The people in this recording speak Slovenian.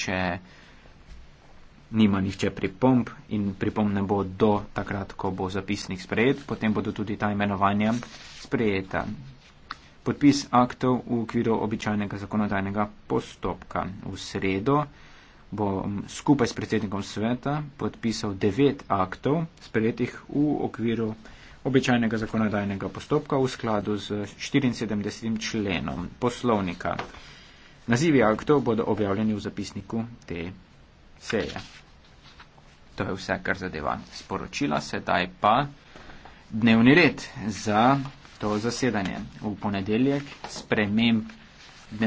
če nima nihče pripomb in pripomb ne bo do takrat, ko bo zapisnik sprejet, potem bodo tudi ta imenovanja sprejeta. Podpis aktov v okviru običajnega zakonodajnega postopka. V sredo bo skupaj s predsednikom sveta podpisal devet aktov, sprejetih v okviru običajnega zakonodajnega postopka v skladu z 74. členom poslovnika. Nazivi aktov bodo objavljeni v zapisniku te seje. To je vse, kar zadeva sporočila, sedaj pa dnevni red za to zasedanje. V ponedeljek sprememb